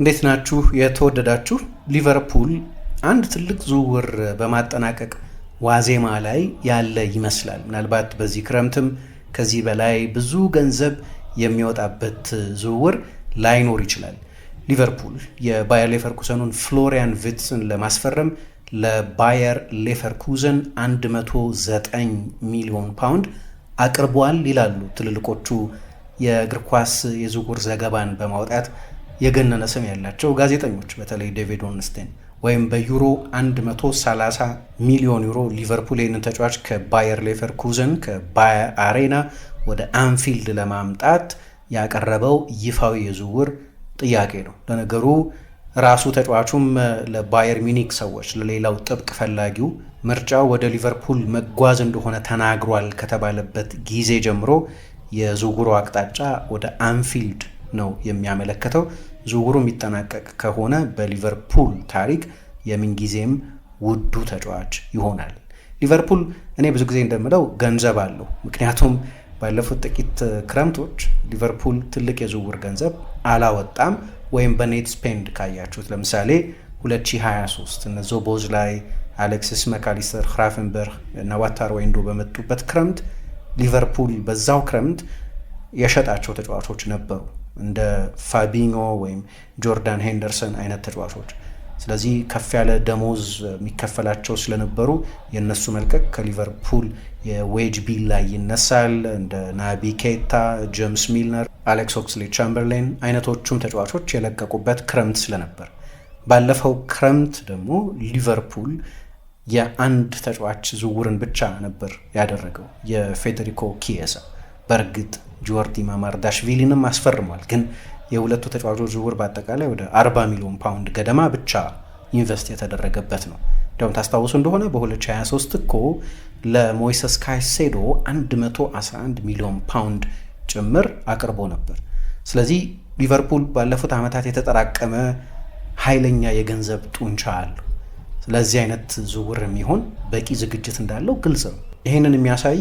እንዴት ናችሁ የተወደዳችሁ ሊቨርፑል አንድ ትልቅ ዝውውር በማጠናቀቅ ዋዜማ ላይ ያለ ይመስላል። ምናልባት በዚህ ክረምትም ከዚህ በላይ ብዙ ገንዘብ የሚወጣበት ዝውውር ላይኖር ይችላል። ሊቨርፑል የባየር ሌቨርኩሰኑን ፍሎሪያን ቪትስን ለማስፈረም ለባየር ሌቨርኩዘን 109 ሚሊዮን ፓውንድ አቅርቧል ይላሉ ትልልቆቹ የእግር ኳስ የዝውውር ዘገባን በማውጣት የገነነ ስም ያላቸው ጋዜጠኞች በተለይ ዴቪድ ኦርንስቴን ወይም በዩሮ 130 ሚሊዮን ዩሮ ሊቨርፑል ይህንን ተጫዋች ከባየር ሌቨርኩዘን ከባየር አሬና ወደ አንፊልድ ለማምጣት ያቀረበው ይፋዊ የዝውውር ጥያቄ ነው። ለነገሩ ራሱ ተጫዋቹም ለባየር ሚኒክ ሰዎች፣ ለሌላው ጥብቅ ፈላጊው ምርጫ ወደ ሊቨርፑል መጓዝ እንደሆነ ተናግሯል ከተባለበት ጊዜ ጀምሮ የዝውውሩ አቅጣጫ ወደ አንፊልድ ነው የሚያመለክተው። ዝውውሩ የሚጠናቀቅ ከሆነ በሊቨርፑል ታሪክ የምንጊዜም ውዱ ተጫዋች ይሆናል። ሊቨርፑል እኔ ብዙ ጊዜ እንደምለው ገንዘብ አለው። ምክንያቱም ባለፉት ጥቂት ክረምቶች ሊቨርፑል ትልቅ የዝውውር ገንዘብ አላወጣም ወይም በኔት ስፔንድ ካያችሁት ለምሳሌ 2023 እነ ዞቦዝ ላይ አሌክሲስ መካሊስተር፣ ክራፍንበርግ እና ዋታር ወይንዶ በመጡበት ክረምት ሊቨርፑል በዛው ክረምት የሸጣቸው ተጫዋቾች ነበሩ። እንደ ፋቢኞ ወይም ጆርዳን ሄንደርሰን አይነት ተጫዋቾች ስለዚህ ከፍ ያለ ደሞዝ የሚከፈላቸው ስለነበሩ የእነሱ መልቀቅ ከሊቨርፑል የዌጅ ቢል ላይ ይነሳል። እንደ ናቢ ኬታ፣ ጄምስ ሚልነር፣ አሌክስ ኦክስሌ ቻምበርሌን አይነቶቹም ተጫዋቾች የለቀቁበት ክረምት ስለነበር ባለፈው ክረምት ደግሞ ሊቨርፑል የአንድ ተጫዋች ዝውውርን ብቻ ነበር ያደረገው የፌዴሪኮ ኪየሳ። በእርግጥ ጆርዲ ማማርዳሽቪሊንም አስፈርሟል። ግን የሁለቱ ተጫዋቾች ዝውውር በአጠቃላይ ወደ 40 ሚሊዮን ፓውንድ ገደማ ብቻ ኢንቨስት የተደረገበት ነው። እንዲሁም ታስታውሱ እንደሆነ በ2023 እኮ ለሞይሰስ ካይሴዶ 111 ሚሊዮን ፓውንድ ጭምር አቅርቦ ነበር። ስለዚህ ሊቨርፑል ባለፉት ዓመታት የተጠራቀመ ኃይለኛ የገንዘብ ጡንቻ አለው። ለዚህ አይነት ዝውውር የሚሆን በቂ ዝግጅት እንዳለው ግልጽ ነው። ይህንን የሚያሳይ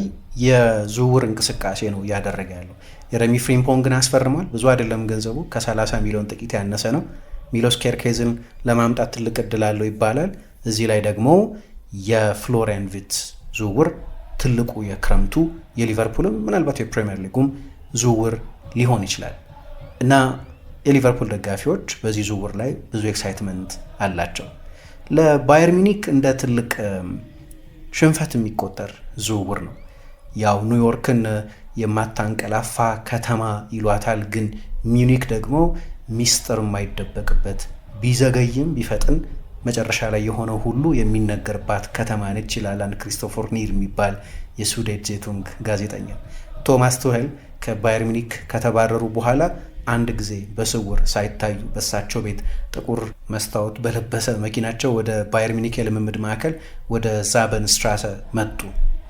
የዝውውር እንቅስቃሴ ነው እያደረገ ያለው። የረሚ ፍሪምፖንግን አስፈርሟል። ብዙ አይደለም ገንዘቡ ከ30 ሚሊዮን ጥቂት ያነሰ ነው። ሚሎስ ኬርኬዝን ለማምጣት ትልቅ እድል አለው ይባላል። እዚህ ላይ ደግሞ የፍሎሪያን ቪትስ ዝውውር ትልቁ የክረምቱ የሊቨርፑልም ምናልባት የፕሪምየር ሊጉም ዝውውር ሊሆን ይችላል እና የሊቨርፑል ደጋፊዎች በዚህ ዝውውር ላይ ብዙ ኤክሳይትመንት አላቸው። ለባየር ሚኒክ እንደ ትልቅ ሽንፈት የሚቆጠር ዝውውር ነው። ያው ኒውዮርክን የማታንቀላፋ ከተማ ይሏታል፣ ግን ሚኒክ ደግሞ ሚስጥር የማይደበቅበት ቢዘገይም ቢፈጥን መጨረሻ ላይ የሆነው ሁሉ የሚነገርባት ከተማ ነች ይላል አንድ ክሪስቶፈር ኒር የሚባል የሱዴድ ዜቱንግ ጋዜጠኛ። ቶማስ ቱሄል ከባየር ሚኒክ ከተባረሩ በኋላ አንድ ጊዜ በስውር ሳይታዩ በሳቸው ቤት ጥቁር መስታወት በለበሰ መኪናቸው ወደ ባየር ሚኒክ የልምምድ ማዕከል ወደ ዛበን ስትራሰ መጡ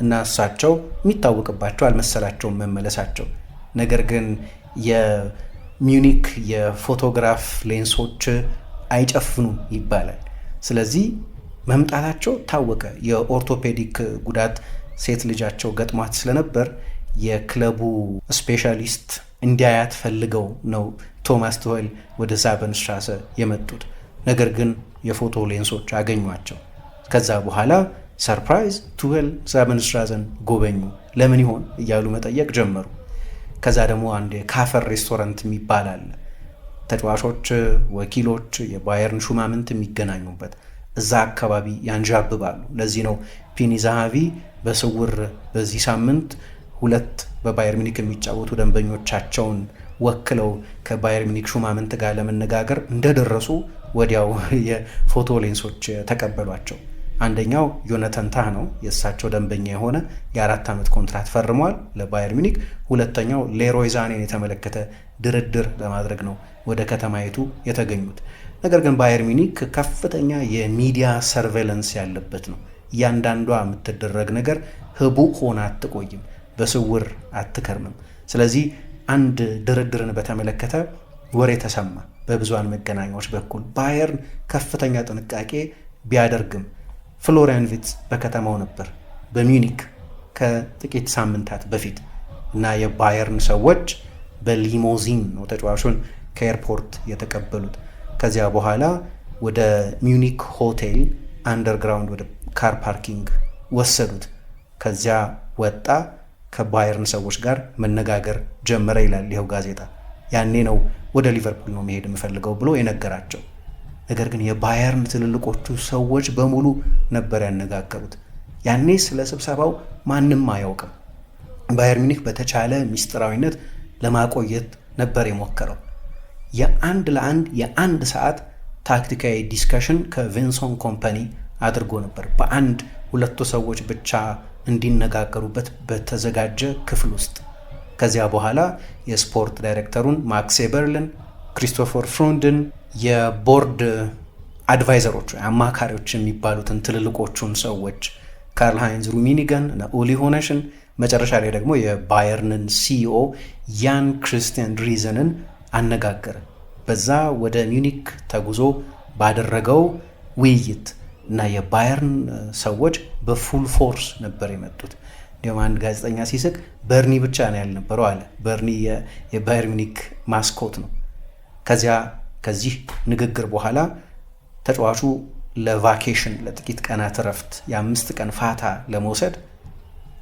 እና እሳቸው የሚታወቅባቸው አልመሰላቸውም መመለሳቸው። ነገር ግን የሚዩኒክ የፎቶግራፍ ሌንሶች አይጨፍኑ ይባላል። ስለዚህ መምጣታቸው ታወቀ። የኦርቶፔዲክ ጉዳት ሴት ልጃቸው ገጥሟት ስለነበር የክለቡ ስፔሻሊስት እንዲያያት ፈልገው ነው ቶማስ ቱኸል ወደ ዛበንስትራሰ የመጡት። ነገር ግን የፎቶ ሌንሶች አገኟቸው። ከዛ በኋላ ሰርፕራይዝ ትወል ዛበንስትራዘን ጎበኙ፣ ለምን ይሆን እያሉ መጠየቅ ጀመሩ። ከዛ ደግሞ አንድ የካፈር ሬስቶራንት የሚባል አለ፣ ተጫዋቾች፣ ወኪሎች፣ የባየርን ሹማምንት የሚገናኙበት እዛ አካባቢ ያንዣብባሉ። ለዚህ ነው ፒኒ ዛሃቪ በስውር በዚህ ሳምንት ሁለት በባየር ሚኒክ የሚጫወቱ ደንበኞቻቸውን ወክለው ከባየር ሚኒክ ሹማምንት ጋር ለመነጋገር እንደደረሱ ወዲያው የፎቶ ሌንሶች ተቀበሏቸው። አንደኛው ዮነተን ታህ ነው፣ የእሳቸው ደንበኛ የሆነ የአራት ዓመት ኮንትራት ፈርሟል ለባየር ሚኒክ። ሁለተኛው ሌሮይ ዛኔን የተመለከተ ድርድር ለማድረግ ነው ወደ ከተማይቱ የተገኙት። ነገር ግን ባየር ሚኒክ ከፍተኛ የሚዲያ ሰርቬለንስ ያለበት ነው። እያንዳንዷ የምትደረግ ነገር ህቡ ሆና አትቆይም። በስውር አትከርምም። ስለዚህ አንድ ድርድርን በተመለከተ ወሬ ተሰማ በብዙሃን መገናኛዎች በኩል ባየርን ከፍተኛ ጥንቃቄ ቢያደርግም ፍሎሪያን ቪትዝ በከተማው ነበር በሚዩኒክ ከጥቂት ሳምንታት በፊት እና የባየርን ሰዎች በሊሞዚን ነው ተጫዋቹን ከኤርፖርት የተቀበሉት። ከዚያ በኋላ ወደ ሚኒክ ሆቴል አንደርግራውንድ ወደ ካር ፓርኪንግ ወሰዱት። ከዚያ ወጣ። ከባየርን ሰዎች ጋር መነጋገር ጀመረ ይላል ይኸው ጋዜጣ። ያኔ ነው ወደ ሊቨርፑል ነው መሄድ የምፈልገው ብሎ የነገራቸው። ነገር ግን የባየርን ትልልቆቹ ሰዎች በሙሉ ነበር ያነጋገሩት። ያኔ ስለ ስብሰባው ማንም አያውቅም። ባየር ሚኒክ በተቻለ ሚስጥራዊነት ለማቆየት ነበር የሞከረው። የአንድ ለአንድ የአንድ ሰዓት ታክቲካዊ ዲስከሽን ከቪንሶን ኮምፓኒ አድርጎ ነበር። በአንድ ሁለቱ ሰዎች ብቻ እንዲነጋገሩበት በተዘጋጀ ክፍል ውስጥ ከዚያ በኋላ የስፖርት ዳይሬክተሩን ማክስ ኤበርልን፣ ክሪስቶፈር ፍሩንድን የቦርድ አድቫይዘሮች አማካሪዎች የሚባሉትን ትልልቆቹን ሰዎች ካርል ሃይንዝ ሩሚኒገን እና ኡሊ ሆነሽን መጨረሻ ላይ ደግሞ የባየርንን ሲኢኦ ያን ክርስቲያን ሪዘንን አነጋገረ። በዛ ወደ ሚኒክ ተጉዞ ባደረገው ውይይት እና የባየርን ሰዎች በፉል ፎርስ ነበር የመጡት። እንዲሁም አንድ ጋዜጠኛ ሲስቅ በርኒ ብቻ ነው ያልነበረው አለ። በርኒ የባየር ሚኒክ ማስኮት ነው። ከዚያ ከዚህ ንግግር በኋላ ተጫዋቹ ለቫኬሽን ለጥቂት ቀናት እረፍት የአምስት ቀን ፋታ ለመውሰድ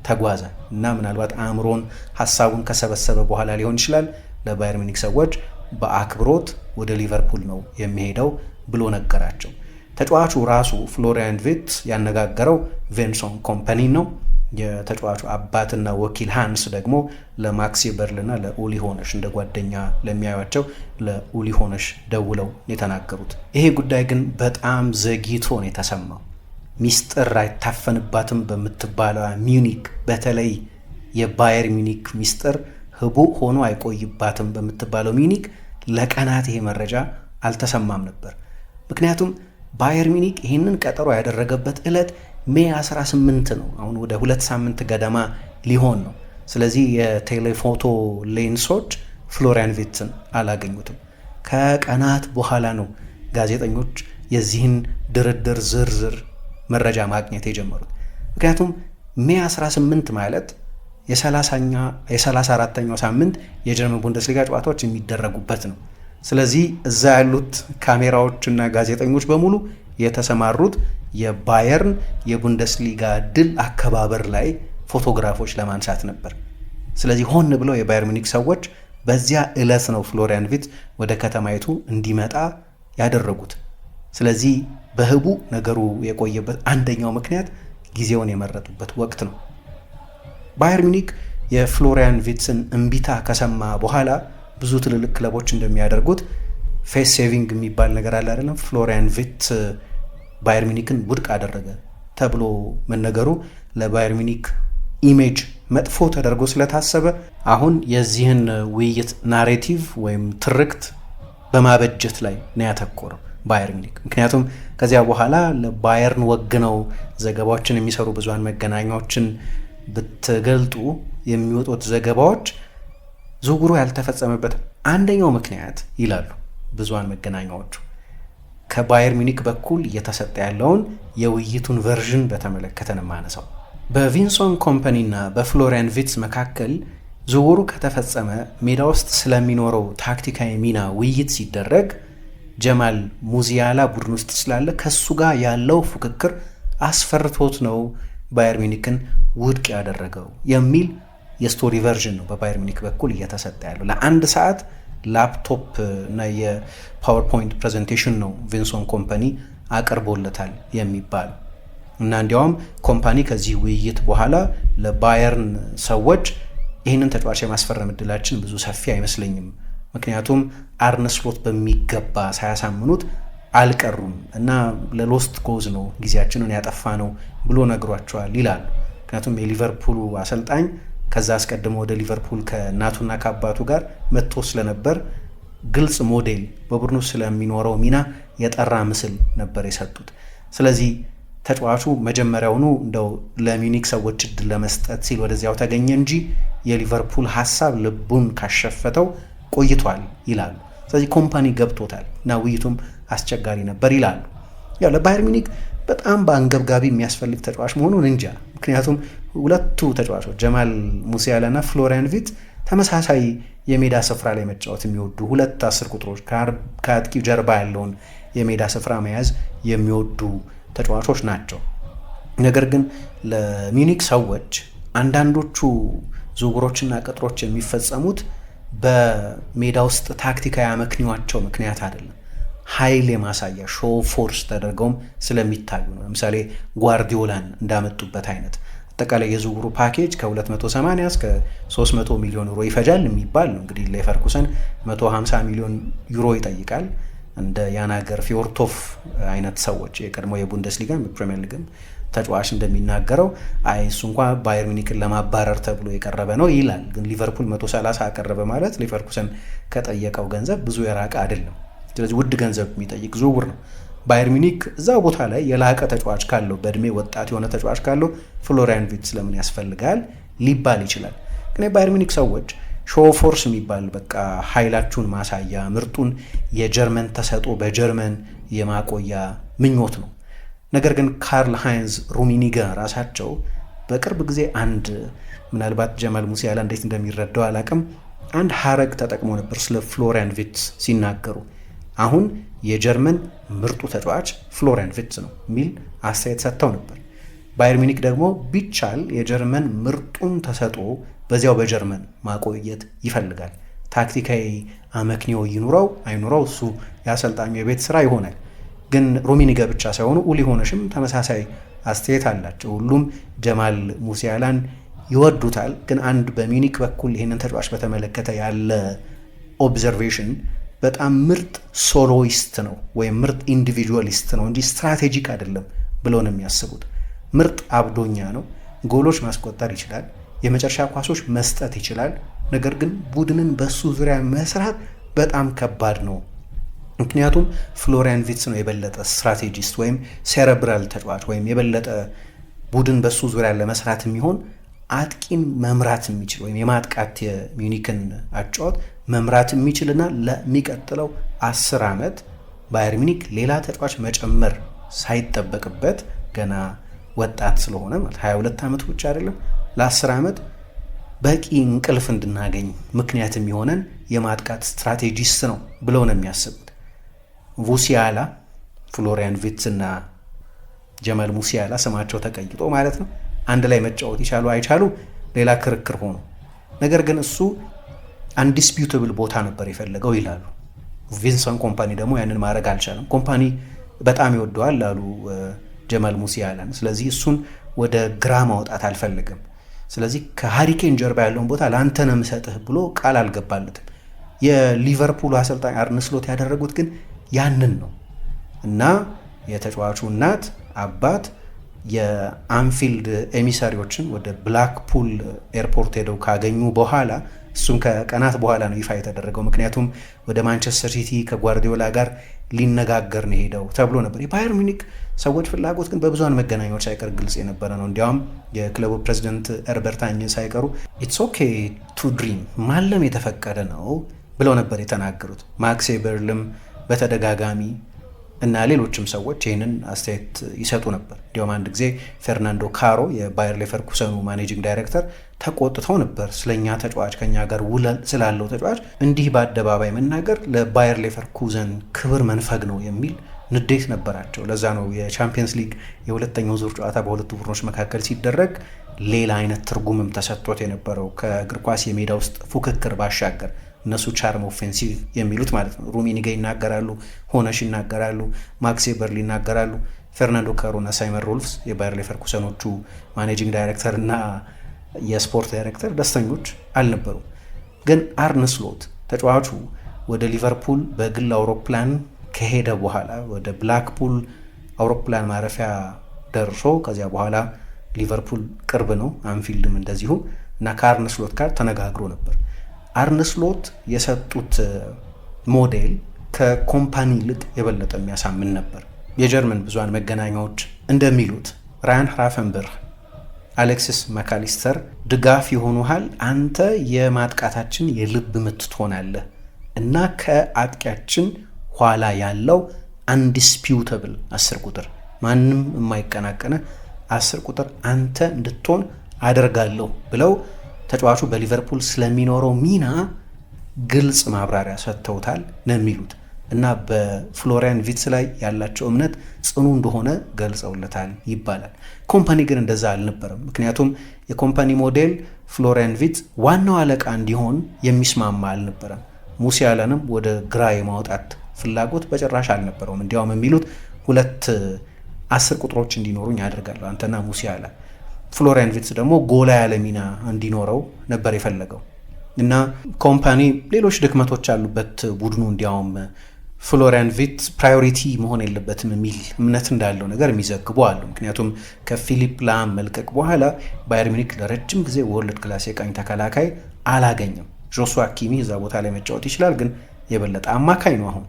ተጓዘ እና ምናልባት አእምሮን ሀሳቡን ከሰበሰበ በኋላ ሊሆን ይችላል ለባየር ሚኒክ ሰዎች በአክብሮት ወደ ሊቨርፑል ነው የሚሄደው ብሎ ነገራቸው። ተጫዋቹ ራሱ ፍሎሪያን ቪርትዝ ያነጋገረው ቬንሶን ኮምፓኒ ነው። የተጫዋቹ አባትና ወኪል ሃንስ ደግሞ ለማክሲ በርልና ለኡሊ ሆነሽ እንደ ጓደኛ ለሚያዩቸው ለኡሊ ሆነሽ ደውለው የተናገሩት። ይሄ ጉዳይ ግን በጣም ዘግይቶ ነው የተሰማው። ሚስጥር አይታፈንባትም በምትባለው ሚኒክ በተለይ የባየር ሚኒክ ሚስጥር ህቡ ሆኖ አይቆይባትም በምትባለው ሚኒክ ለቀናት ይሄ መረጃ አልተሰማም ነበር ምክንያቱም ባየር ሚኒክ ይህንን ቀጠሮ ያደረገበት ዕለት ሜ 18 ነው። አሁን ወደ ሁለት ሳምንት ገደማ ሊሆን ነው። ስለዚህ የቴሌፎቶ ሌንሶች ፍሎሪያን ቪትን አላገኙትም። ከቀናት በኋላ ነው ጋዜጠኞች የዚህን ድርድር ዝርዝር መረጃ ማግኘት የጀመሩት። ምክንያቱም ሜ 18 ማለት የ34ኛው ሳምንት የጀርመን ቡንደስሊጋ ጨዋታዎች የሚደረጉበት ነው። ስለዚህ እዛ ያሉት ካሜራዎች እና ጋዜጠኞች በሙሉ የተሰማሩት የባየርን የቡንደስሊጋ ድል አከባበር ላይ ፎቶግራፎች ለማንሳት ነበር። ስለዚህ ሆን ብለው የባየር ሚኒክ ሰዎች በዚያ ዕለት ነው ፍሎሪያን ቪት ወደ ከተማይቱ እንዲመጣ ያደረጉት። ስለዚህ በህቡ ነገሩ የቆየበት አንደኛው ምክንያት ጊዜውን የመረጡበት ወቅት ነው። ባየር ሚኒክ የፍሎሪያን ቪትስን እምቢታ ከሰማ በኋላ ብዙ ትልልቅ ክለቦች እንደሚያደርጉት ፌስ ሴቪንግ የሚባል ነገር አለ አይደለም። ፍሎሪያን ቪት ባየር ሚኒክን ውድቅ አደረገ ተብሎ መነገሩ ለባየር ሚኒክ ኢሜጅ መጥፎ ተደርጎ ስለታሰበ አሁን የዚህን ውይይት ናሬቲቭ ወይም ትርክት በማበጀት ላይ ነው ያተኮረው ባየር ሚኒክ። ምክንያቱም ከዚያ በኋላ ለባየርን ወግነው ዘገባዎችን የሚሰሩ ብዙሃን መገናኛዎችን ብትገልጡ የሚወጡት ዘገባዎች ዝውውሩ ያልተፈጸመበት አንደኛው ምክንያት ይላሉ ብዙሃን መገናኛዎቹ ከባየር ሚኒክ በኩል እየተሰጠ ያለውን የውይይቱን ቨርዥን በተመለከተ ነው የማነሳው። በቪንሶን ኮምፓኒ እና በፍሎሪያን ቪትስ መካከል ዝውውሩ ከተፈጸመ ሜዳ ውስጥ ስለሚኖረው ታክቲካዊ ሚና ውይይት ሲደረግ ጀማል ሙዚያላ ቡድን ውስጥ ስላለ ከሱ ጋር ያለው ፉክክር አስፈርቶት ነው ባየር ሚኒክን ውድቅ ያደረገው የሚል የስቶሪ ቨርዥን ነው በባየር ሚኒክ በኩል እየተሰጠ ያለው። ለአንድ ሰዓት ላፕቶፕ እና የፓወርፖይንት ፕሬዘንቴሽን ነው ቪንሶን ኮምፓኒ አቅርቦለታል የሚባል እና እንዲያውም ኮምፓኒ ከዚህ ውይይት በኋላ ለባየርን ሰዎች ይህንን ተጫዋች የማስፈረም እድላችን ብዙ ሰፊ አይመስለኝም፣ ምክንያቱም አርነስሎት በሚገባ ሳያሳምኑት አልቀሩም እና ለሎስት ኮዝ ነው ጊዜያችንን ያጠፋ ነው ብሎ ነግሯቸዋል ይላሉ። ምክንያቱም የሊቨርፑሉ አሰልጣኝ ከዛ አስቀድሞ ወደ ሊቨርፑል ከእናቱና ከአባቱ ጋር መጥቶ ስለነበር ግልጽ ሞዴል በቡድኑ ስለሚኖረው ሚና የጠራ ምስል ነበር የሰጡት። ስለዚህ ተጫዋቹ መጀመሪያውኑ እንደው ለሚኒክ ሰዎች እድል ለመስጠት ሲል ወደዚያው ተገኘ እንጂ የሊቨርፑል ሀሳብ ልቡን ካሸፈተው ቆይቷል ይላሉ። ስለዚህ ኮምፓኒ ገብቶታል እና ውይይቱም አስቸጋሪ ነበር ይላሉ። ያው ለባየር ሚኒክ በጣም በአንገብጋቢ የሚያስፈልግ ተጫዋች መሆኑን እንጃ። ምክንያቱም ሁለቱ ተጫዋቾች ጀማል ሙሲያላ እና ፍሎሪያን ቪት ተመሳሳይ የሜዳ ስፍራ ላይ መጫወት የሚወዱ ሁለት አስር ቁጥሮች ከአጥቂው ጀርባ ያለውን የሜዳ ስፍራ መያዝ የሚወዱ ተጫዋቾች ናቸው። ነገር ግን ለሚኒክ ሰዎች አንዳንዶቹ ዝውውሮችና ቅጥሮች የሚፈጸሙት በሜዳ ውስጥ ታክቲካዊ አመክንዮአቸው ምክንያት አይደለም። ኃይል የማሳያ ሾ ፎርስ ተደርገውም ስለሚታዩ ነው። ለምሳሌ ጓርዲዮላን እንዳመጡበት አይነት አጠቃላይ የዝውውሩ ፓኬጅ ከ280 እስከ 300 ሚሊዮን ዩሮ ይፈጃል የሚባል ነው። እንግዲህ ሌቨርኩሰን 150 ሚሊዮን ዩሮ ይጠይቃል። እንደ ያናገር ፊዮርቶፍ አይነት ሰዎች የቀድሞ የቡንደስሊጋም የፕሪሚየር ሊግም ተጫዋች እንደሚናገረው አይ እሱ እንኳ ባየር ሚኒክን ለማባረር ተብሎ የቀረበ ነው ይላል። ግን ሊቨርፑል 130 አቀረበ ማለት ሌቨርኩሰን ከጠየቀው ገንዘብ ብዙ የራቀ አይደለም። ስለዚህ ውድ ገንዘብ የሚጠይቅ ዝውውር ነው። ባየር ሚኒክ እዛ ቦታ ላይ የላቀ ተጫዋች ካለው በእድሜ ወጣት የሆነ ተጫዋች ካለው ፍሎሪያን ቪት ስለምን ያስፈልጋል ሊባል ይችላል። ግን የባየር ሚኒክ ሰዎች ሾፎርስ የሚባል በቃ ኃይላችሁን ማሳያ ምርጡን የጀርመን ተሰጦ በጀርመን የማቆያ ምኞት ነው። ነገር ግን ካርል ሃይንዝ ሩሚኒገ ራሳቸው በቅርብ ጊዜ አንድ ምናልባት ጀማል ሙሲያላ እንዴት እንደሚረዳው አላቅም አንድ ሀረግ ተጠቅሞ ነበር ስለ ፍሎሪያን ቪት ሲናገሩ አሁን የጀርመን ምርጡ ተጫዋች ፍሎሪያን ቪትዝ ነው የሚል አስተያየት ሰጥተው ነበር። ባየር ሚኒክ ደግሞ ቢቻል የጀርመን ምርጡን ተሰጦ በዚያው በጀርመን ማቆየት ይፈልጋል። ታክቲካዊ አመክንዮ ይኑረው አይኑረው እሱ የአሰልጣኙ የቤት ስራ ይሆናል። ግን ሩሚኒገ ብቻ ሳይሆኑ ኡሊ ሆነሽም ተመሳሳይ አስተያየት አላቸው። ሁሉም ጀማል ሙሲያላን ይወዱታል። ግን አንድ በሚኒክ በኩል ይህንን ተጫዋች በተመለከተ ያለ ኦብዘርቬሽን በጣም ምርጥ ሶሎይስት ነው ወይም ምርጥ ኢንዲቪጁዋሊስት ነው እንጂ ስትራቴጂክ አይደለም ብለው ነው የሚያስቡት። ምርጥ አብዶኛ ነው። ጎሎች ማስቆጠር ይችላል። የመጨረሻ ኳሶች መስጠት ይችላል። ነገር ግን ቡድንን በሱ ዙሪያ መስራት በጣም ከባድ ነው። ምክንያቱም ፍሎሪያን ቪትስ ነው የበለጠ ስትራቴጂስት ወይም ሴረብራል ተጫዋች ወይም የበለጠ ቡድን በሱ ዙሪያ ለመስራት የሚሆን አጥቂን መምራት የሚችል ወይም የማጥቃት የሚኒክን አጫወት መምራት የሚችልና ለሚቀጥለው አስር ዓመት ባየር ሚኒክ ሌላ ተጫዋች መጨመር ሳይጠበቅበት ገና ወጣት ስለሆነ ማለት 22 ዓመት ብቻ አይደለም ለ10 ዓመት በቂ እንቅልፍ እንድናገኝ ምክንያት የሚሆነን የማጥቃት ስትራቴጂስት ነው ብለው ነው የሚያስቡት። ቡሲያላ ፍሎሪያን ቪትስ እና ጀመል ሙሲያላ ስማቸው ተቀይጦ ማለት ነው አንድ ላይ መጫወት ይቻሉ አይቻሉ ሌላ ክርክር ሆኖ ነገር ግን እሱ አንዲስፒዩትብል ቦታ ነበር የፈለገው ይላሉ። ቪንሰንት ኮምፓኒ ደግሞ ያንን ማድረግ አልቻለም። ኮምፓኒ በጣም ይወደዋል ላሉ ጀማል ሙሲያላን። ስለዚህ እሱን ወደ ግራ ማውጣት አልፈልግም። ስለዚህ ከሃሪኬን ጀርባ ያለውን ቦታ ለአንተ ነው የምሰጥህ ብሎ ቃል አልገባለትም። የሊቨርፑል አሰልጣኝ አርነ ስሎት ያደረጉት ግን ያንን ነው እና የተጫዋቹ እናት አባት የአንፊልድ ኤሚሳሪዎችን ወደ ብላክፑል ኤርፖርት ሄደው ካገኙ በኋላ እሱም ከቀናት በኋላ ነው ይፋ የተደረገው። ምክንያቱም ወደ ማንቸስተር ሲቲ ከጓርዲዮላ ጋር ሊነጋገር ነው ሄደው ተብሎ ነበር። የባየር ሚኒክ ሰዎች ፍላጎት ግን በብዙሃን መገናኛዎች ሳይቀር ግልጽ የነበረ ነው። እንዲያውም የክለቡ ፕሬዚደንት ኤርበርታኝን ሳይቀሩ ኢትስ ኦኬ ቱ ድሪም ማለም የተፈቀደ ነው ብለው ነበር የተናገሩት። ማክስ ኤበርልም በተደጋጋሚ እና ሌሎችም ሰዎች ይህንን አስተያየት ይሰጡ ነበር። እንዲሁም አንድ ጊዜ ፌርናንዶ ካሮ የባየር ሌቨርኩሰኑ ማኔጂንግ ዳይሬክተር ተቆጥተው ነበር። ስለኛ ተጫዋች ከኛ ጋር ውለል ስላለው ተጫዋች እንዲህ በአደባባይ መናገር ለባየር ሌቨርኩዘን ክብር መንፈግ ነው የሚል ንዴት ነበራቸው። ለዛ ነው የቻምፒየንስ ሊግ የሁለተኛው ዙር ጨዋታ በሁለቱ ቡድኖች መካከል ሲደረግ ሌላ አይነት ትርጉምም ተሰጥቶት የነበረው ከእግር ኳስ የሜዳ ውስጥ ፉክክር ባሻገር እነሱ ቻርም ኦፌንሲቭ የሚሉት ማለት ነው። ሩሚኒገ ይናገራሉ፣ ሆነሽ ይናገራሉ፣ ማክሴ በርል ይናገራሉ። ፌርናንዶ ካሮና ሳይመን ሮልፍስ የባየር ሌቨርኩሰኖቹ ማኔጂንግ ዳይሬክተር እና የስፖርት ዳይሬክተር ደስተኞች አልነበሩም። ግን አርነ ስሎት ተጫዋቹ ወደ ሊቨርፑል በግል አውሮፕላን ከሄደ በኋላ ወደ ብላክፑል አውሮፕላን ማረፊያ ደርሶ ከዚያ በኋላ ሊቨርፑል ቅርብ ነው፣ አንፊልድም እንደዚሁ እና ከአርነ ስሎት ጋር ተነጋግሮ ነበር አርነስሎት የሰጡት ሞዴል ከኮምፓኒ ይልቅ የበለጠ የሚያሳምን ነበር። የጀርመን ብዙሃን መገናኛዎች እንደሚሉት ራያን ራፈንበርህ አሌክሲስ መካሊስተር ድጋፍ ይሆኑሃል፣ አንተ የማጥቃታችን የልብ ምት ትሆናለህ እና ከአጥቂያችን ኋላ ያለው አንዲስፒውተብል አስር ቁጥር ማንም የማይቀናቀነ አስር ቁጥር አንተ እንድትሆን አደርጋለሁ ብለው ተጫዋቹ በሊቨርፑል ስለሚኖረው ሚና ግልጽ ማብራሪያ ሰጥተውታል ነው የሚሉት እና በፍሎሪያን ቪትስ ላይ ያላቸው እምነት ጽኑ እንደሆነ ገልጸውለታል ይባላል። ኮምፓኒ ግን እንደዛ አልነበረም። ምክንያቱም የኮምፓኒ ሞዴል ፍሎሪያን ቪትስ ዋናው አለቃ እንዲሆን የሚስማማ አልነበረም። ሙሲያላንም ወደ ግራ የማውጣት ፍላጎት በጭራሽ አልነበረውም። እንዲያውም የሚሉት ሁለት አስር ቁጥሮች እንዲኖሩኝ ያደርጋለሁ አንተና ሙሲያላ ፍሎሪያን ቪትስ ደግሞ ጎላ ያለ ሚና እንዲኖረው ነበር የፈለገው እና ኮምፓኒ ሌሎች ድክመቶች ያሉበት ቡድኑ እንዲያውም ፍሎሪያን ፕራዮሪቲ መሆን የለበትም የሚል እምነት እንዳለው ነገር የሚዘግቡ አሉ። ምክንያቱም ከፊሊፕ ላም መልቀቅ በኋላ ባየር ሚኒክ ለረጅም ጊዜ ወርልድ ክላስ የቀኝ ተከላካይ አላገኘም። ጆሹዋ ኪሚ እዛ ቦታ ላይ መጫወት ይችላል፣ ግን የበለጠ አማካኝ ነው። አሁን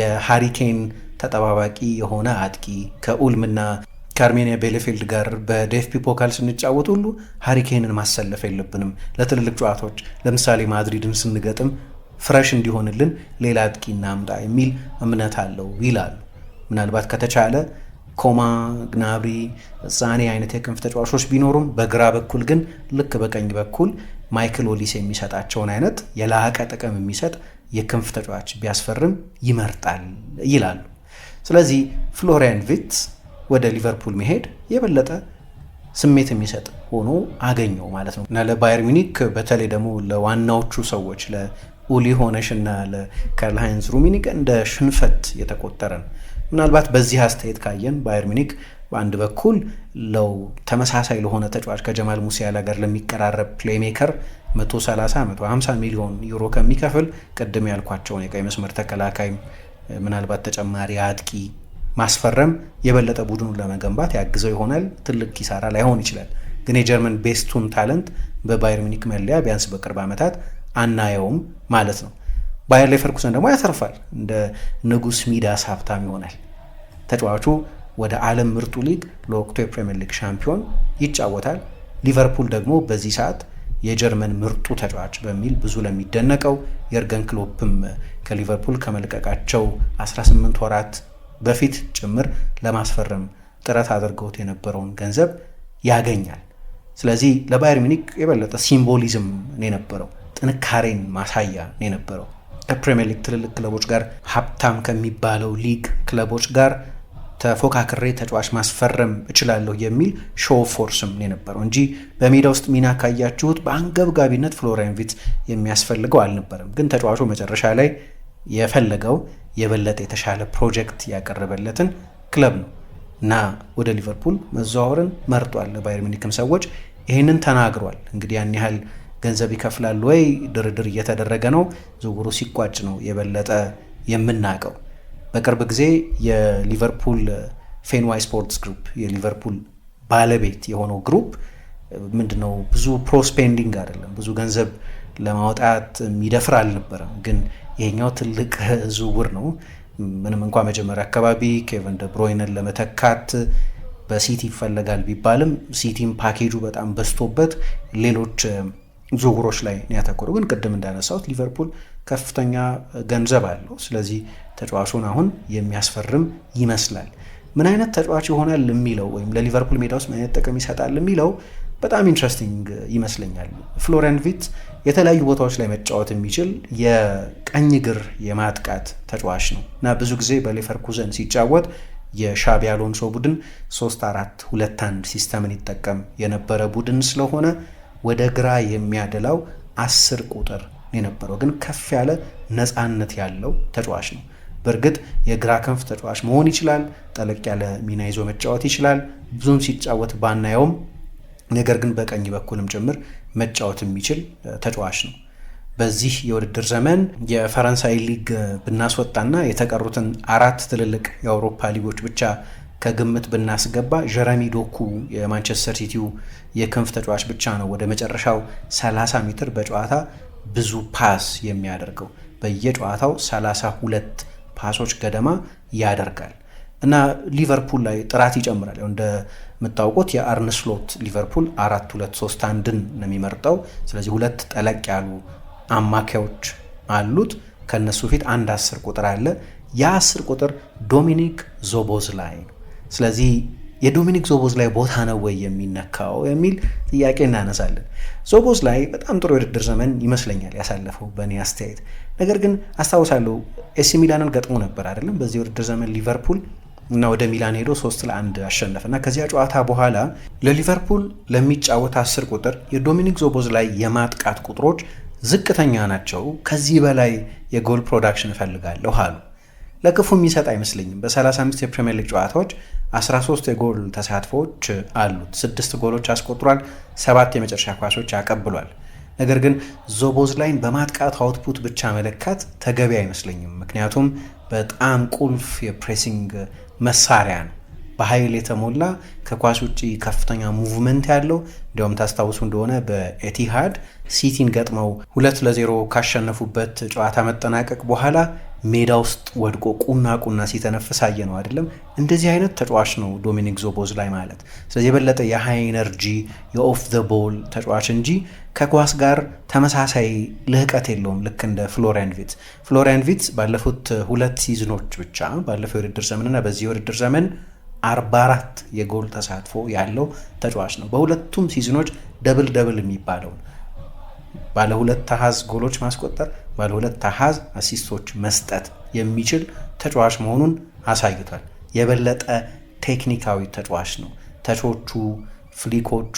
የሃሪኬን ተጠባባቂ የሆነ አጥቂ ከኡልምና ከአርሜኒያ ቤሌፊልድ ጋር በዴፍፒ ፖካል ስንጫወት ሁሉ ሀሪኬንን ማሰለፍ የለብንም። ለትልልቅ ጨዋታዎች ለምሳሌ ማድሪድን ስንገጥም ፍረሽ እንዲሆንልን ሌላ አጥቂ እናምጣ የሚል እምነት አለው ይላሉ። ምናልባት ከተቻለ ኮማ፣ ግናብሪ፣ ሳኔ አይነት የክንፍ ተጫዋቾች ቢኖሩም በግራ በኩል ግን ልክ በቀኝ በኩል ማይክል ኦሊስ የሚሰጣቸውን አይነት የላቀ ጥቅም የሚሰጥ የክንፍ ተጫዋች ቢያስፈርም ይመርጣል ይላሉ። ስለዚህ ፍሎሪያን ቪትስ ወደ ሊቨርፑል መሄድ የበለጠ ስሜት የሚሰጥ ሆኖ አገኘው ማለት ነው እና ለባየር ሚኒክ በተለይ ደግሞ ለዋናዎቹ ሰዎች ለኡሊ ሆነሽ እና ለካርል ሩሚኒክ እንደ ሽንፈት የተቆጠረ ነው። ምናልባት በዚህ አስተያየት ካየን ባየር ሚኒክ በአንድ በኩል ለው ተመሳሳይ ለሆነ ተጫዋች ከጀማል ሙሲያላ ጋር ለሚቀራረብ ፕሌሜከር 130 150 ሚሊዮን ዩሮ ከሚከፍል ቅድም ያልኳቸውን የቀይ መስመር ተከላካይ ምናልባት ተጨማሪ አጥቂ ማስፈረም የበለጠ ቡድኑን ለመገንባት ያግዘው ይሆናል። ትልቅ ኪሳራ ላይሆን ይችላል። ግን የጀርመን ቤስቱን ታለንት በባየር ሚኒክ መለያ ቢያንስ በቅርብ ዓመታት አናየውም ማለት ነው። ባየር ሌቨርኩሰን ደግሞ ያተርፋል። እንደ ንጉስ ሚዳስ ሀብታም ይሆናል። ተጫዋቹ ወደ ዓለም ምርጡ ሊግ ለወቅቱ የፕሪምየር ሊግ ሻምፒዮን ይጫወታል። ሊቨርፑል ደግሞ በዚህ ሰዓት የጀርመን ምርጡ ተጫዋች በሚል ብዙ ለሚደነቀው የርገን ክሎፕም ከሊቨርፑል ከመልቀቃቸው 18 ወራት በፊት ጭምር ለማስፈረም ጥረት አድርገውት የነበረውን ገንዘብ ያገኛል። ስለዚህ ለባየር ሚኒክ የበለጠ ሲምቦሊዝም ነው የነበረው፣ ጥንካሬን ማሳያ ነው የነበረው። ከፕሪሚየር ሊግ ትልልቅ ክለቦች ጋር ሀብታም ከሚባለው ሊግ ክለቦች ጋር ተፎካክሬ ተጫዋች ማስፈረም እችላለሁ የሚል ሾው ፎርስም የነበረው እንጂ በሜዳ ውስጥ ሚና ካያችሁት በአንገብጋቢነት ፍሎሪያን የሚያስፈልገው አልነበረም። ግን ተጫዋቹ መጨረሻ ላይ የፈለገው የበለጠ የተሻለ ፕሮጀክት ያቀረበለትን ክለብ ነው እና ወደ ሊቨርፑል መዘዋወርን መርጧል። ባየር ሚኒክም ሰዎች ይህንን ተናግሯል። እንግዲህ ያን ያህል ገንዘብ ይከፍላል ወይ ድርድር እየተደረገ ነው። ዝውውሩ ሲቋጭ ነው የበለጠ የምናውቀው። በቅርብ ጊዜ የሊቨርፑል ፌንዋይ ስፖርትስ ግሩፕ የሊቨርፑል ባለቤት የሆነው ግሩፕ ምንድነው ብዙ ፕሮስፔንዲንግ አይደለም ብዙ ገንዘብ ለማውጣት የሚደፍር አልነበረም ግን ይሄኛው ትልቅ ዝውውር ነው። ምንም እንኳ መጀመሪያ አካባቢ ኬቨን ደብሮይንን ለመተካት በሲቲ ይፈለጋል ቢባልም ሲቲም ፓኬጁ በጣም በዝቶበት ሌሎች ዝውውሮች ላይ ያተኮረው ግን ቅድም እንዳነሳሁት ሊቨርፑል ከፍተኛ ገንዘብ አለው። ስለዚህ ተጫዋቹን አሁን የሚያስፈርም ይመስላል። ምን አይነት ተጫዋች ይሆናል የሚለው ወይም ለሊቨርፑል ሜዳ ውስጥ ምን አይነት ጥቅም ይሰጣል የሚለው በጣም ኢንትረስቲንግ ይመስለኛል። ፍሎሪያን የተለያዩ ቦታዎች ላይ መጫወት የሚችል የቀኝ ግር የማጥቃት ተጫዋች ነው እና ብዙ ጊዜ በሌቨርኩዘን ሲጫወት የሻቢ አሎንሶ ቡድን 3 4 2 1 ሲስተምን ይጠቀም የነበረ ቡድን ስለሆነ ወደ ግራ የሚያደላው አስር ቁጥር የነበረው ግን ከፍ ያለ ነፃነት ያለው ተጫዋች ነው። በእርግጥ የግራ ክንፍ ተጫዋች መሆን ይችላል። ጠለቅ ያለ ሚና ይዞ መጫወት ይችላል። ብዙም ሲጫወት ባናየውም ነገር ግን በቀኝ በኩልም ጭምር መጫወት የሚችል ተጫዋች ነው። በዚህ የውድድር ዘመን የፈረንሳይ ሊግ ብናስወጣና የተቀሩትን አራት ትልልቅ የአውሮፓ ሊጎች ብቻ ከግምት ብናስገባ ጀረሚ ዶኩ የማንቸስተር ሲቲው የክንፍ ተጫዋች ብቻ ነው ወደ መጨረሻው 30 ሜትር በጨዋታ ብዙ ፓስ የሚያደርገው። በየጨዋታው 32 ፓሶች ገደማ ያደርጋል። እና ሊቨርፑል ላይ ጥራት ይጨምራል። ያው እንደምታውቁት የአርንስሎት ሊቨርፑል አራት ሁለት ሶስት አንድን ነው የሚመርጠው። ስለዚህ ሁለት ጠለቅ ያሉ አማካዮች አሉት። ከነሱ ፊት አንድ አስር ቁጥር አለ። ያ አስር ቁጥር ዶሚኒክ ዞቦዝ ላይ ነው። ስለዚህ የዶሚኒክ ዞቦዝ ላይ ቦታ ነው ወይ የሚነካው የሚል ጥያቄ እናነሳለን። ዞቦዝ ላይ በጣም ጥሩ የውድድር ዘመን ይመስለኛል ያሳለፈው በእኔ አስተያየት። ነገር ግን አስታውሳለሁ ኤሲ ሚላንን ገጥሞ ነበር አይደለም በዚህ የውድድር ዘመን ሊቨርፑል እና ወደ ሚላን ሄዶ ሶስት ለአንድ አሸነፈ እና ከዚያ ጨዋታ በኋላ ለሊቨርፑል ለሚጫወት አስር ቁጥር የዶሚኒክ ዞቦዝ ላይ የማጥቃት ቁጥሮች ዝቅተኛ ናቸው፣ ከዚህ በላይ የጎል ፕሮዳክሽን እፈልጋለሁ አሉ። ለክፉ የሚሰጥ አይመስለኝም። በ35 የፕሪምየር ሊግ ጨዋታዎች 13 የጎል ተሳትፎዎች አሉት። ስድስት ጎሎች አስቆጥሯል። ሰባት የመጨረሻ ኳሶች አቀብሏል። ነገር ግን ዞቦዝ ላይን በማጥቃት አውትፑት ብቻ መለካት ተገቢ አይመስለኝም። ምክንያቱም በጣም ቁልፍ የፕሬሲንግ መሳሪያ ነው። በኃይል የተሞላ ከኳስ ውጭ ከፍተኛ ሙቭመንት ያለው እንዲያውም ታስታውሱ እንደሆነ በኤቲሃድ ሲቲን ገጥመው ሁለት ለዜሮ ካሸነፉበት ጨዋታ መጠናቀቅ በኋላ ሜዳ ውስጥ ወድቆ ቁና ቁና ሲተነፍስ አየ ነው አይደለም። እንደዚህ አይነት ተጫዋች ነው ዶሚኒክ ዞቦዝ ላይ ማለት። ስለዚህ የበለጠ የሃይ ኤነርጂ የኦፍ ዘ ቦል ተጫዋች እንጂ ከኳስ ጋር ተመሳሳይ ልህቀት የለውም። ልክ እንደ ፍሎሪያን ቪት ፍሎሪያን ቪት ባለፉት ሁለት ሲዝኖች ብቻ ባለፈው የውድድር ዘመንና በዚህ የውድድር ዘመን 44 የጎል ተሳትፎ ያለው ተጫዋች ነው። በሁለቱም ሲዝኖች ደብል ደብል የሚባለውን ባለ ሁለት አሃዝ ጎሎች ማስቆጠር፣ ባለ ሁለት አሃዝ አሲስቶች መስጠት የሚችል ተጫዋች መሆኑን አሳይቷል። የበለጠ ቴክኒካዊ ተጫዋች ነው። ተቾቹ፣ ፍሊኮቹ፣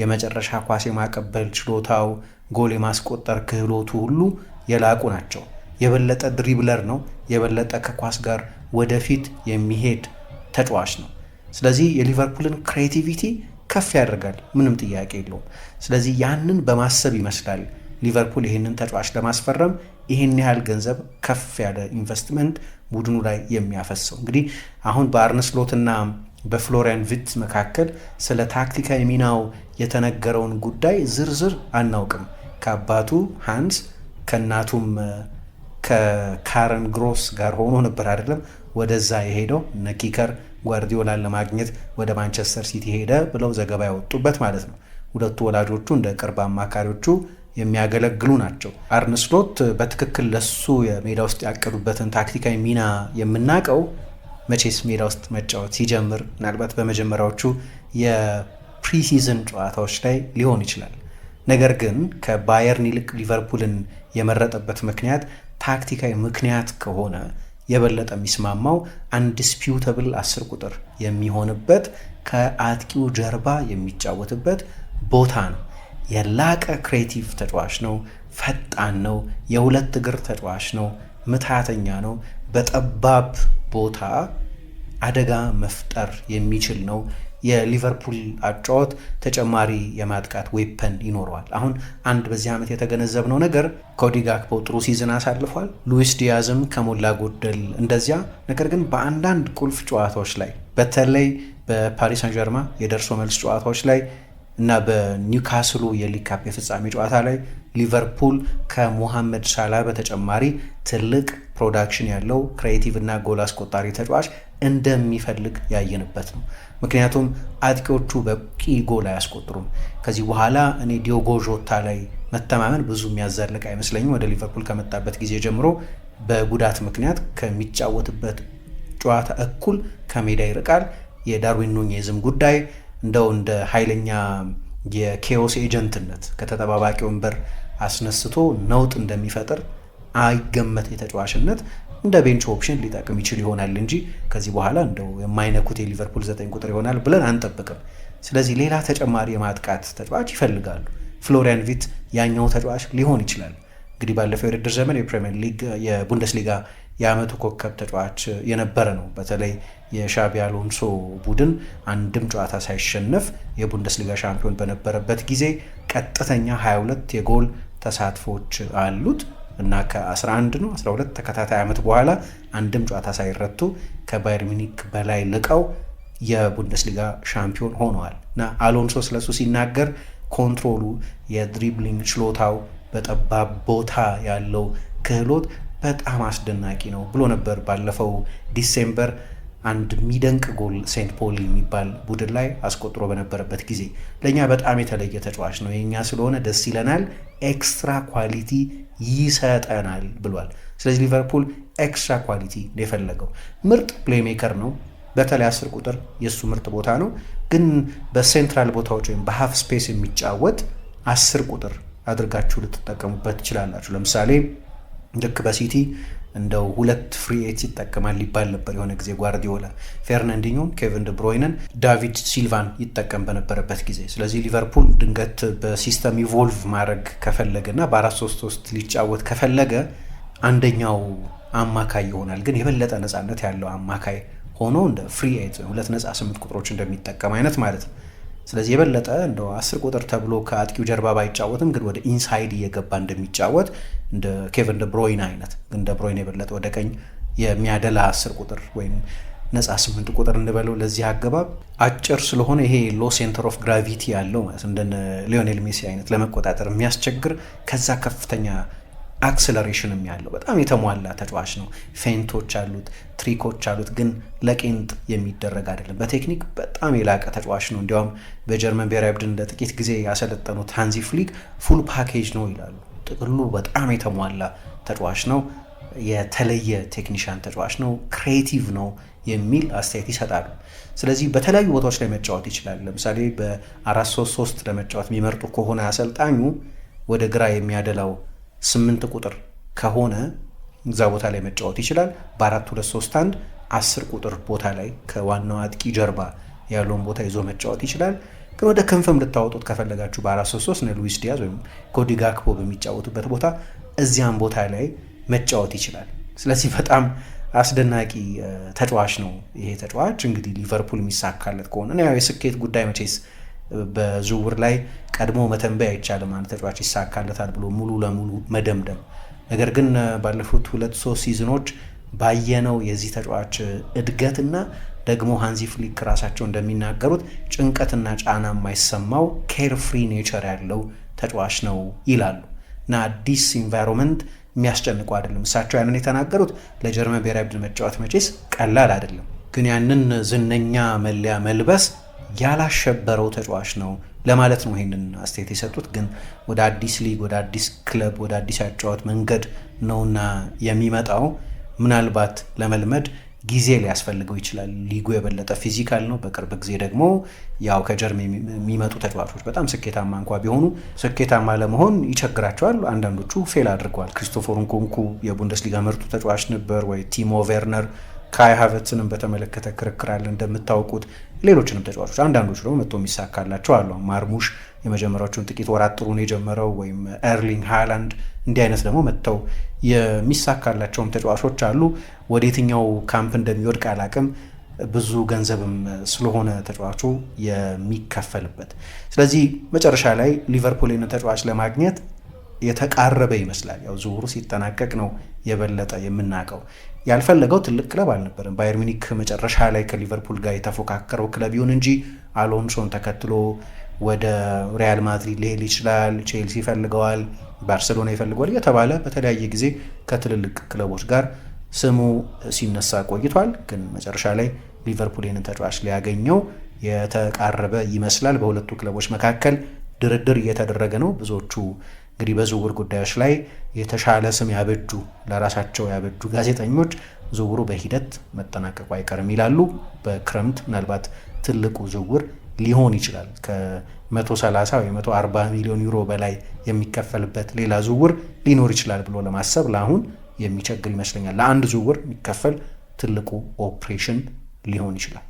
የመጨረሻ ኳስ የማቀበል ችሎታው፣ ጎል የማስቆጠር ክህሎቱ ሁሉ የላቁ ናቸው። የበለጠ ድሪብለር ነው። የበለጠ ከኳስ ጋር ወደፊት የሚሄድ ተጫዋች ነው። ስለዚህ የሊቨርፑልን ክሬቲቪቲ ከፍ ያደርጋል፣ ምንም ጥያቄ የለውም። ስለዚህ ያንን በማሰብ ይመስላል ሊቨርፑል ይህንን ተጫዋች ለማስፈረም ይህን ያህል ገንዘብ ከፍ ያለ ኢንቨስትመንት ቡድኑ ላይ የሚያፈሰው። እንግዲህ አሁን በአርነስሎትና በፍሎሪያን ቪት መካከል ስለ ታክቲካዊ ሚናው የተነገረውን ጉዳይ ዝርዝር አናውቅም። ከአባቱ ሃንስ ከእናቱም ከካረን ግሮስ ጋር ሆኖ ነበር አይደለም ወደዛ የሄደው ነኪከር ጓርዲዮላን ለማግኘት ወደ ማንቸስተር ሲቲ ሄደ ብለው ዘገባ ያወጡበት ማለት ነው። ሁለቱ ወላጆቹ እንደ ቅርብ አማካሪዎቹ የሚያገለግሉ ናቸው። አርንስሎት በትክክል ለሱ የሜዳ ውስጥ ያቀዱበትን ታክቲካዊ ሚና የምናውቀው መቼስ ሜዳ ውስጥ መጫወት ሲጀምር ምናልባት በመጀመሪያዎቹ የፕሪሲዝን ጨዋታዎች ላይ ሊሆን ይችላል። ነገር ግን ከባየርን ይልቅ ሊቨርፑልን የመረጠበት ምክንያት ታክቲካዊ ምክንያት ከሆነ የበለጠ የሚስማማው አንዲስፒውተብል አስር ቁጥር የሚሆንበት ከአጥቂው ጀርባ የሚጫወትበት ቦታ ነው። የላቀ ክሬቲቭ ተጫዋች ነው። ፈጣን ነው። የሁለት እግር ተጫዋች ነው። ምታተኛ ነው። በጠባብ ቦታ አደጋ መፍጠር የሚችል ነው። የሊቨርፑል አጫወት ተጨማሪ የማጥቃት ዌፐን ይኖረዋል። አሁን አንድ በዚህ ዓመት የተገነዘብነው ነገር ኮዲ ጋክፖ ጥሩ ሲዝን አሳልፏል። ሉዊስ ዲያዝም ከሞላ ጎደል እንደዚያ። ነገር ግን በአንዳንድ ቁልፍ ጨዋታዎች ላይ በተለይ በፓሪስ ሳን ጀርማ የደርሶ መልስ ጨዋታዎች ላይ እና በኒውካስሉ የሊግ ካፕ የፍጻሜ ጨዋታ ላይ ሊቨርፑል ከሞሐመድ ሳላ በተጨማሪ ትልቅ ፕሮዳክሽን ያለው ክሬቲቭ እና ጎል አስቆጣሪ ተጫዋች እንደሚፈልግ ያየንበት ነው። ምክንያቱም አጥቂዎቹ በቂ ጎል አያስቆጥሩም። ከዚህ በኋላ እኔ ዲዮጎ ላይ መተማመን ብዙ የሚያዘልቅ አይመስለኝም። ወደ ሊቨርፑል ከመጣበት ጊዜ ጀምሮ በጉዳት ምክንያት ከሚጫወትበት ጨዋታ እኩል ከሜዳ ይርቃል። የዳርዊን ኑኝዝም ጉዳይ እንደው እንደ ኃይለኛ የኬዎስ ኤጀንትነት ከተጠባባቂ ወንበር አስነስቶ ነውጥ እንደሚፈጥር አይገመት የተጫዋችነት እንደ ቤንች ኦፕሽን ሊጠቅም ይችል ይሆናል እንጂ ከዚህ በኋላ እንደው የማይነኩት የሊቨርፑል ዘጠኝ ቁጥር ይሆናል ብለን አንጠብቅም። ስለዚህ ሌላ ተጨማሪ የማጥቃት ተጫዋች ይፈልጋሉ። ፍሎሪያን ቪት ያኛው ተጫዋች ሊሆን ይችላል። እንግዲህ ባለፈው የውድድር ዘመን የፕሪሚየር ሊግ የቡንደስሊጋ የአመቱ ኮከብ ተጫዋች የነበረ ነው። በተለይ የሻቢ አሎንሶ ቡድን አንድም ጨዋታ ሳይሸነፍ የቡንደስሊጋ ሻምፒዮን በነበረበት ጊዜ ቀጥተኛ 22 የጎል ተሳትፎች አሉት። እና ከ11 ነው 12 ተከታታይ ዓመት በኋላ አንድም ጨዋታ ሳይረቱ ከባየር ሚኒክ በላይ ልቀው የቡንደስሊጋ ሻምፒዮን ሆነዋል። እና አሎንሶ ስለሱ ሲናገር ኮንትሮሉ፣ የድሪብሊንግ ችሎታው፣ በጠባብ ቦታ ያለው ክህሎት በጣም አስደናቂ ነው ብሎ ነበር ባለፈው ዲሴምበር አንድ የሚደንቅ ጎል ሴንት ፖሊ የሚባል ቡድን ላይ አስቆጥሮ በነበረበት ጊዜ ለእኛ በጣም የተለየ ተጫዋች ነው፣ የእኛ ስለሆነ ደስ ይለናል፣ ኤክስትራ ኳሊቲ ይሰጠናል ብሏል። ስለዚህ ሊቨርፑል ኤክስትራ ኳሊቲ የፈለገው ምርጥ ፕሌሜከር ነው። በተለይ አስር ቁጥር የእሱ ምርጥ ቦታ ነው። ግን በሴንትራል ቦታዎች ወይም በሃፍ ስፔስ የሚጫወት አስር ቁጥር አድርጋችሁ ልትጠቀሙበት ትችላላችሁ። ለምሳሌ ልክ በሲቲ እንደው ሁለት ፍሪ ኤትስ ይጠቀማል ሊባል ነበር የሆነ ጊዜ ጓርዲዮላ። ፌርናንዲኞን፣ ኬቨን ደ ዳቪድ ሲልቫን ይጠቀም በነበረበት ጊዜ። ስለዚህ ሊቨርፑል ድንገት በሲስተም ኢቮልቭ ማድረግ ከፈለገ እና በአራት ሶስት ሶስት ሊጫወት ከፈለገ አንደኛው አማካይ ይሆናል። ግን የበለጠ ነፃነት ያለው አማካይ ሆኖ እንደ ፍሪ ሁለት ነፃ ስምንት ቁጥሮች እንደሚጠቀም አይነት ማለት ነው። ስለዚህ የበለጠ እንደ አስር ቁጥር ተብሎ ከአጥቂው ጀርባ ባይጫወትም ግን ወደ ኢንሳይድ እየገባ እንደሚጫወት እንደ ኬቨን ደብሮይን አይነት ግን ደብሮይን የበለጠ ወደ ቀኝ የሚያደላ አስር ቁጥር ወይም ነፃ ስምንት ቁጥር እንበለው ለዚህ አገባብ አጭር ስለሆነ ይሄ ሎ ሴንተር ኦፍ ግራቪቲ ያለው ማለት እንደ ሊዮኔል ሜሲ አይነት ለመቆጣጠር የሚያስቸግር ከዛ ከፍተኛ አክስለሬሽንም ያለው በጣም የተሟላ ተጫዋች ነው። ፌንቶች አሉት፣ ትሪኮች አሉት፣ ግን ለቄንጥ የሚደረግ አይደለም። በቴክኒክ በጣም የላቀ ተጫዋች ነው። እንዲያውም በጀርመን ብሔራዊ ቡድን ለጥቂት ጊዜ ያሰለጠኑት ሃንዚ ፍሊክ ፉል ፓኬጅ ነው ይላሉ። ጥቅሉ በጣም የተሟላ ተጫዋች ነው። የተለየ ቴክኒሽያን ተጫዋች ነው። ክሬቲቭ ነው የሚል አስተያየት ይሰጣሉ። ስለዚህ በተለያዩ ቦታዎች ላይ መጫወት ይችላል። ለምሳሌ በአራት ሶስት ሶስት ለመጫወት የሚመርጡ ከሆነ አሰልጣኙ ወደ ግራ የሚያደላው ስምንት ቁጥር ከሆነ እዛ ቦታ ላይ መጫወት ይችላል። በአራት ሁለት ሶስት አንድ አስር ቁጥር ቦታ ላይ ከዋናው አጥቂ ጀርባ ያለውን ቦታ ይዞ መጫወት ይችላል። ግን ወደ ክንፍም ልታወጡት ከፈለጋችሁ በአራት ሶስት ሶስት ሉዊስ ዲያዝ ወይም ኮዲ ጋክፖ በሚጫወቱበት ቦታ እዚያም ቦታ ላይ መጫወት ይችላል። ስለዚህ በጣም አስደናቂ ተጫዋች ነው ይሄ ተጫዋች። እንግዲህ ሊቨርፑል የሚሳካለት ከሆነ ያው የስኬት ጉዳይ መቼስ በዝውውር ላይ ቀድሞ መተንበይ አይቻልም። አንድ ተጫዋች ይሳካለታል ብሎ ሙሉ ለሙሉ መደምደም። ነገር ግን ባለፉት ሁለት ሶስት ሲዝኖች ባየነው የዚህ ተጫዋች እድገትና ደግሞ ሃንዚ ፍሊክ ራሳቸው እንደሚናገሩት ጭንቀትና ጫና የማይሰማው ኬር ፍሪ ኔቸር ያለው ተጫዋች ነው ይላሉ እና አዲስ ኢንቫይሮንመንት የሚያስጨንቁ አይደለም። እሳቸው ያንን የተናገሩት ለጀርመን ብሔራዊ ቡድን መጫወት መቼስ ቀላል አይደለም፣ ግን ያንን ዝነኛ መለያ መልበስ ያላሸበረው ተጫዋች ነው ለማለት ነው ይሄንን አስተያየት የሰጡት። ግን ወደ አዲስ ሊግ፣ ወደ አዲስ ክለብ፣ ወደ አዲስ ያጫወት መንገድ ነውና የሚመጣው ምናልባት ለመልመድ ጊዜ ሊያስፈልገው ይችላል። ሊጉ የበለጠ ፊዚካል ነው። በቅርብ ጊዜ ደግሞ ያው ከጀርም የሚመጡ ተጫዋቾች በጣም ስኬታማ እንኳ ቢሆኑ ስኬታማ ለመሆን ይቸግራቸዋል። አንዳንዶቹ ፌል አድርገዋል። ክሪስቶፈር ንኩንኩ የቡንደስሊጋ ምርጡ ተጫዋች ነበር ወይ ቲሞ ቬርነር፣ ካይ ሃቨርትዝንም በተመለከተ ክርክር አለ እንደምታውቁት። ሌሎችንም ተጫዋቾች አንዳንዶቹ ደግሞ መጥቶ የሚሳካላቸው አሉ። ማርሙሽ የመጀመሪያዎቹን ጥቂት ወራት ጥሩ ነው የጀመረው፣ ወይም ኤርሊንግ ሃላንድ እንዲህ አይነት ደግሞ መጥተው የሚሳካላቸውም ተጫዋቾች አሉ። ወደ የትኛው ካምፕ እንደሚወድቅ አላቅም። ብዙ ገንዘብም ስለሆነ ተጫዋቹ የሚከፈልበት። ስለዚህ መጨረሻ ላይ ሊቨርፑል ተጫዋች ለማግኘት የተቃረበ ይመስላል። ያው ዝውውሩ ሲጠናቀቅ ነው የበለጠ የምናውቀው። ያልፈለገው ትልቅ ክለብ አልነበረም። ባየር ሚኒክ መጨረሻ ላይ ከሊቨርፑል ጋር የተፎካከረው ክለብ ይሁን እንጂ አሎንሶን ተከትሎ ወደ ሪያል ማድሪድ ሊሄድ ይችላል፣ ቼልሲ ይፈልገዋል፣ ባርሴሎና ይፈልገዋል እየተባለ በተለያየ ጊዜ ከትልልቅ ክለቦች ጋር ስሙ ሲነሳ ቆይቷል። ግን መጨረሻ ላይ ሊቨርፑል ይህንን ተጫዋች ሊያገኘው የተቃረበ ይመስላል። በሁለቱ ክለቦች መካከል ድርድር እየተደረገ ነው። ብዙዎቹ እንግዲህ በዝውውር ጉዳዮች ላይ የተሻለ ስም ያበጁ ለራሳቸው ያበጁ ጋዜጠኞች ዝውውሩ በሂደት መጠናቀቁ አይቀርም ይላሉ። በክረምት ምናልባት ትልቁ ዝውውር ሊሆን ይችላል። ከ130 ወይ 140 ሚሊዮን ዩሮ በላይ የሚከፈልበት ሌላ ዝውውር ሊኖር ይችላል ብሎ ለማሰብ ለአሁን የሚቸግር ይመስለኛል። ለአንድ ዝውውር የሚከፈል ትልቁ ኦፕሬሽን ሊሆን ይችላል።